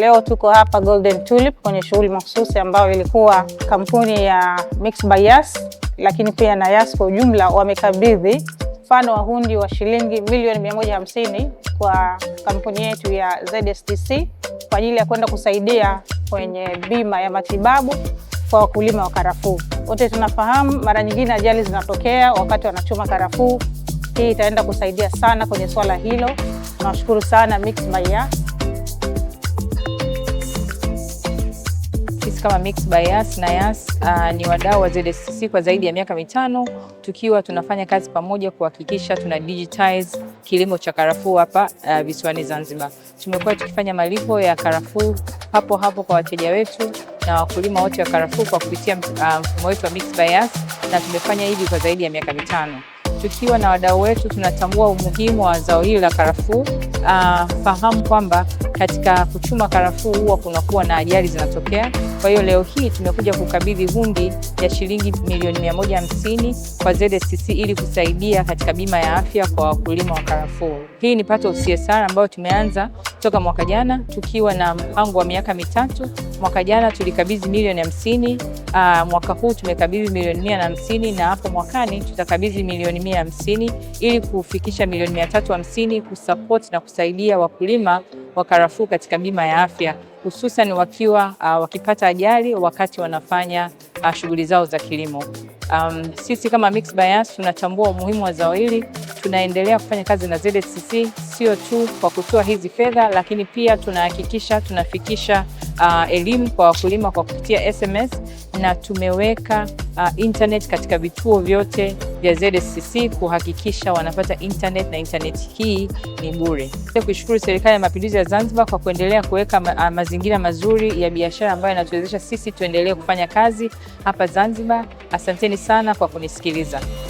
Leo tuko hapa Golden Tulip kwenye shughuli mahususi ambayo ilikuwa kampuni ya Mix by Yas, lakini pia na Yas kwa ujumla wamekabidhi mfano wa hundi wa shilingi milioni 150 kwa kampuni yetu ya ZSTC kwa ajili ya kwenda kusaidia kwenye bima ya matibabu kwa wakulima wa karafuu. Wote tunafahamu mara nyingine ajali zinatokea wakati wanachuma karafuu. Hii itaenda kusaidia sana kwenye swala hilo. Tunawashukuru sana Mix by Yas. Sisi kama Mix by Yas na Yas uh, ni wadau wa ZSCC kwa zaidi ya miaka mitano tukiwa tunafanya kazi pamoja kuhakikisha tuna digitize kilimo cha karafuu hapa uh, visiwani Zanzibar. Tumekuwa tukifanya malipo ya karafuu hapo hapo kwa wateja wetu na wakulima wote wa karafuu kwa kupitia ah, mfumo um, wetu wa Mix by Yas na tumefanya hivi kwa zaidi ya miaka mitano tukiwa na wadau wetu tunatambua umuhimu wa zao hili la karafuu. Uh, fahamu kwamba katika kuchuma karafuu huwa kunakuwa na ajali zinatokea. Kwa hiyo leo hii tumekuja kukabidhi hundi ya shilingi milioni 150 kwa ZSTC ili kusaidia katika bima ya afya kwa wakulima wa karafuu. Hii ni pato CSR ambayo tumeanza toka mwaka jana tukiwa na mpango wa miaka mitatu Mwaka jana tulikabidhi milioni hamsini, uh, mwaka huu tumekabidhi milioni mia na hamsini na hapo mwakani tutakabidhi milioni mia hamsini ili kufikisha milioni mia tatu hamsini kusapoti na kusaidia wakulima wa karafuu katika bima ya afya hususan wakiwa uh, wakipata ajali wakati wanafanya uh, shughuli zao za kilimo. Um, sisi kama Mixx by tunatambua umuhimu wa zao hili, tunaendelea kufanya kazi na ZCC sio tu kwa kutoa hizi fedha, lakini pia tunahakikisha tunafikisha uh, elimu kwa wakulima kwa kupitia SMS na tumeweka uh, internet katika vituo vyote vya ZSCC kuhakikisha wanapata internet na internet hii ni bure. Kuishukuru Serikali ya Mapinduzi ya Zanzibar kwa kuendelea kuweka ma ah, mazingira mazuri ya biashara ambayo yanatuwezesha sisi tuendelee kufanya kazi hapa Zanzibar. Asanteni sana kwa kunisikiliza.